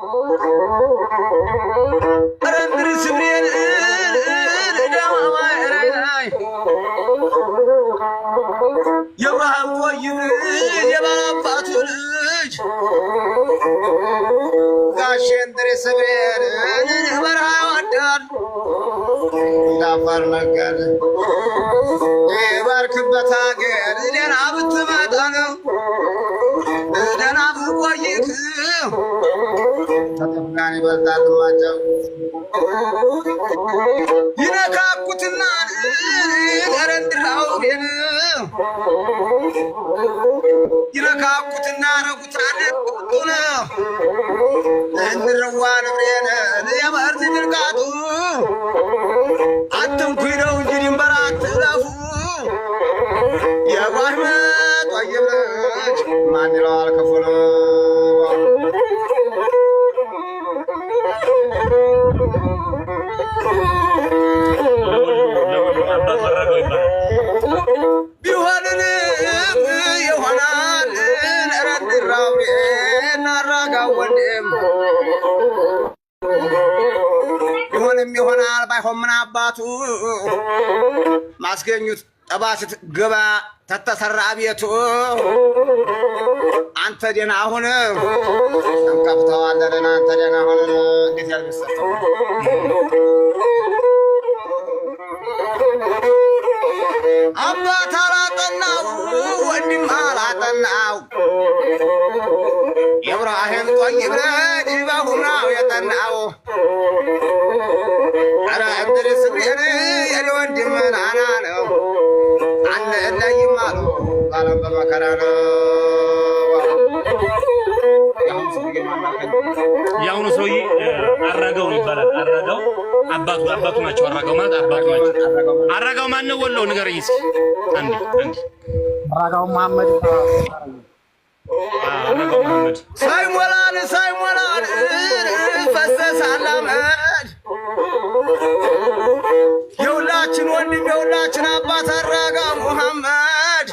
የብርሃን ቆይ የባባቱ ነገር ይባርክበት ሀገር ሌላ ብትመጣ ነው ተጠምቃን ይነካኩትና ይነካኩትና ንብሬን የመርዝ ድርቃቱ አትንኩይደው እንጂ አትለፉ ማን ይለዋል ወንድም ይሁንም ይሆናል። ባይሆን ምን አባቱ ማስገኙት ጠባ ስትገባ ተተሰራ ቤቱ አንተ ደህና አሁን እንከፍተዋለን። አንተ ደህና አሁን እንዴት ያልመሰጠው አባት አላጠናው ወንድም አላጠናው ኢብራሂም ጠይብ ዲባሁና የጠናው አረ እብድልስ ብሄር የልወድ መናና ነው አነ እለይም አሉ ባለም በመከራ ነው። የአሁኑ ሰውዬ አረገው ይባላል። አረገው አባቱ አባቱ ናቸው። አረገው ማለት አባቱ ናቸው። አረገው ማነው? ወሎ ንገረኝ እስኪ አንድ አረገው መሐመድ ሳይሞላን ሳይሞላን ፈሰሰ አላመድ የሁላችን ወንድም የሁላችን አባት አራጋ ሙሐመድ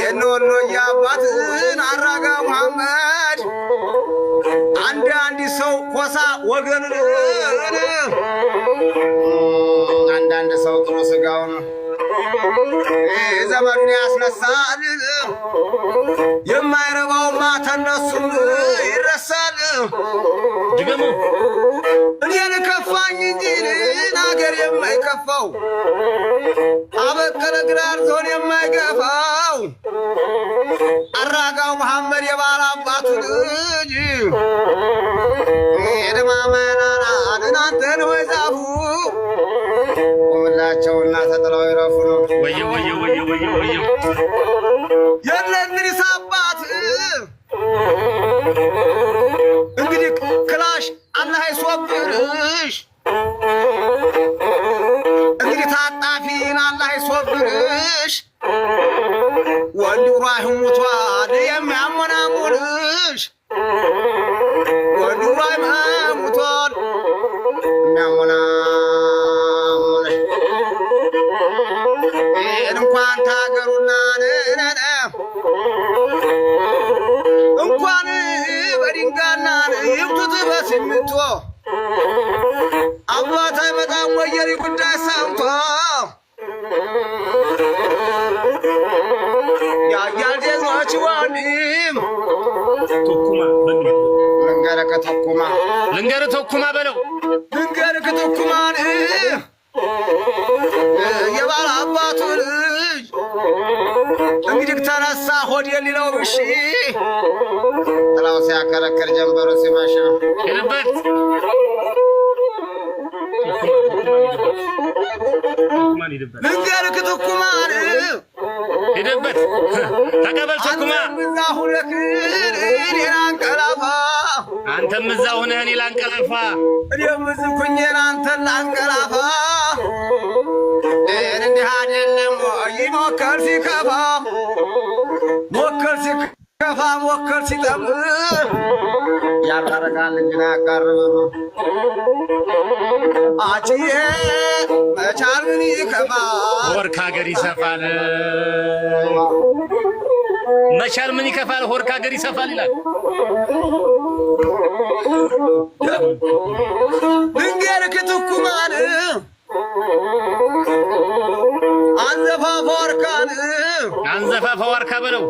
የነወሎዬ አባትን አራጋ ሙሐመድ አንድ አንድ ሰው ኮሳ ወገንን አንዳንድ ሰው ጥሩ ስጋውን ዘመኑን ያስነሳል። የማይረባውማ ተነሱ ይረሳል። ድገሙ እኔን ከፋኝ እንጂ አገር የማይከፋው አበከረ ግራር ዞን የማይገፋው አራጋው መሐመድ የባል አባቱ ልጅ እናንተን ቁምላቸውና ተጥለው ይረፉ ነው። የእነዚህ አባት እንግዲህ ክላሽ አላህ ይሶብርሽ፣ እንግዲህ ታጣፊን አላህ ይሶብርሽ። ወንዱ ራሂሙቷ የሚያሞናሙንሽ ሲሚንቶ አባታ በጣም ወየሪ ጉዳይ ሰምቶ ያያልዴማችዋኒም ልንገረከ ተኩማ ልንገር ተኩማ በለው ልንገር ከተኩማን የባለ አባቱ ልጅ እንግዲህ ተነሳ ሆድ የሌለው ብሺ ብለው ሲያከረክር ጀንበሩ ሲመሽ ነው። ሄልበት ልንገርክ ትኩማን ሂድበት ተቀበል ትኩማ ላንቀላፋ አንተም እዛ ሁነህ እኔ ላንቀላፋ እኔም ዝኩኝ አንተን ላንቀላፋ እንዲህ አይደለም ይሞከር ሲከፋ ለማሞከር ሲጠም ያታረቃል እንግዳ ያቃርብ አጭዬ መቻሉን ይከማ ሆር ከሀገር ይሰፋል። መቻል ምን ይከፋል? ሆር ከሀገር ይሰፋል ይላል። ድንጌር ክትኩማን አንዘፋፏ አንዘፋፋ ዋርካ በለው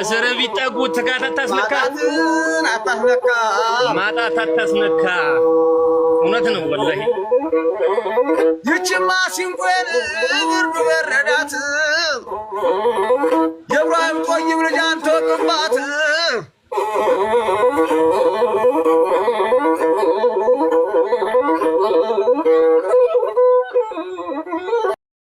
እስር ቢጠጉ ትጋት አታስነካ፣ ማጣት አታስነካ። እውነት ነው ወላሂ። ይችማ ሲንቆን ብርዱ በረዳት የብራም ቆይም ልጅ አንተ ወቅባት